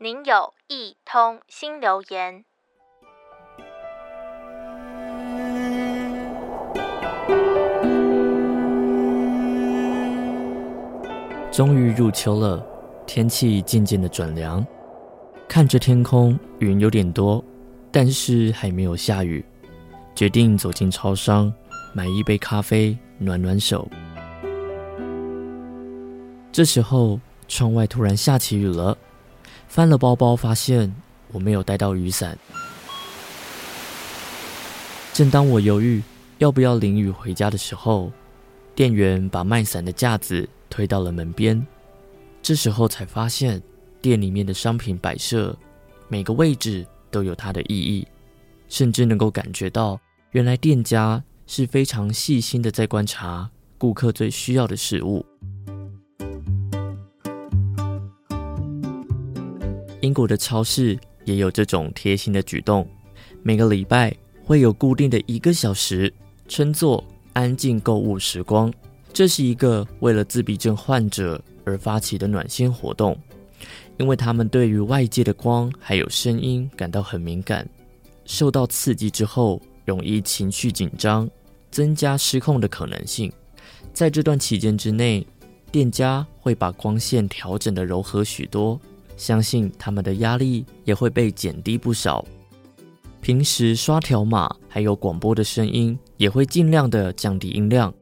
您有一通新留言。終於入秋了，天氣漸漸的轉涼。看着天空，雲有點多，但是還沒有下雨。決定走進超商買一杯咖啡，暖暖手。這時候，窗外突然下起雨了。翻了包包，發現我沒有帶到雨傘。正當我猶豫要不要淋雨回家的時候，店員把賣傘的架子推到了門邊。這時候才發現，店裡面的商品擺設，每個位置都有它的意義，甚至能夠感覺到，原來店家是非常細心的在觀察顧客最需要的事物。英國的超市也有這種貼心的舉動，每個禮拜會有固定的一個小時，稱作“安靜購物時光”。這是一個為了自閉症患者而發起的暖心活動，因為他們對於外界的光還有聲音感到很敏感，受到刺激之後容易情緒緊張，增加失控的可能性。在這段期間之內，店家會把光線調整得柔和許多。相信他們的壓力也會被減低不少。平時刷條碼，還有廣播的聲音，也會盡量的降低音量。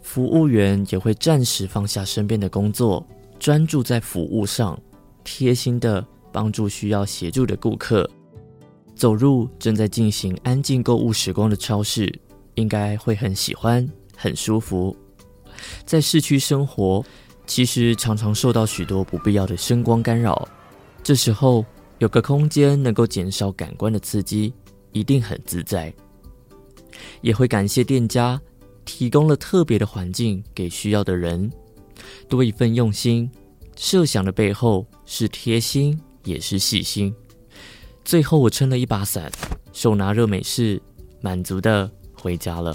服務員也會暫時放下身邊的工作，專注在服務上，貼心的幫助需要協助的顧客。走入正在進行安靜購物時光的超市，應該會很喜歡，很舒服。在市區生活，其實常常受到許多不必要的聲光干擾，這時候有個空間能夠減少感官的刺激，一定很自在。也會感謝店家提供了特別的環境給需要的人，多一份用心，設想的背後是貼心，也是細心。最後我撐了一把傘，手拿熱美式，滿足地回家了。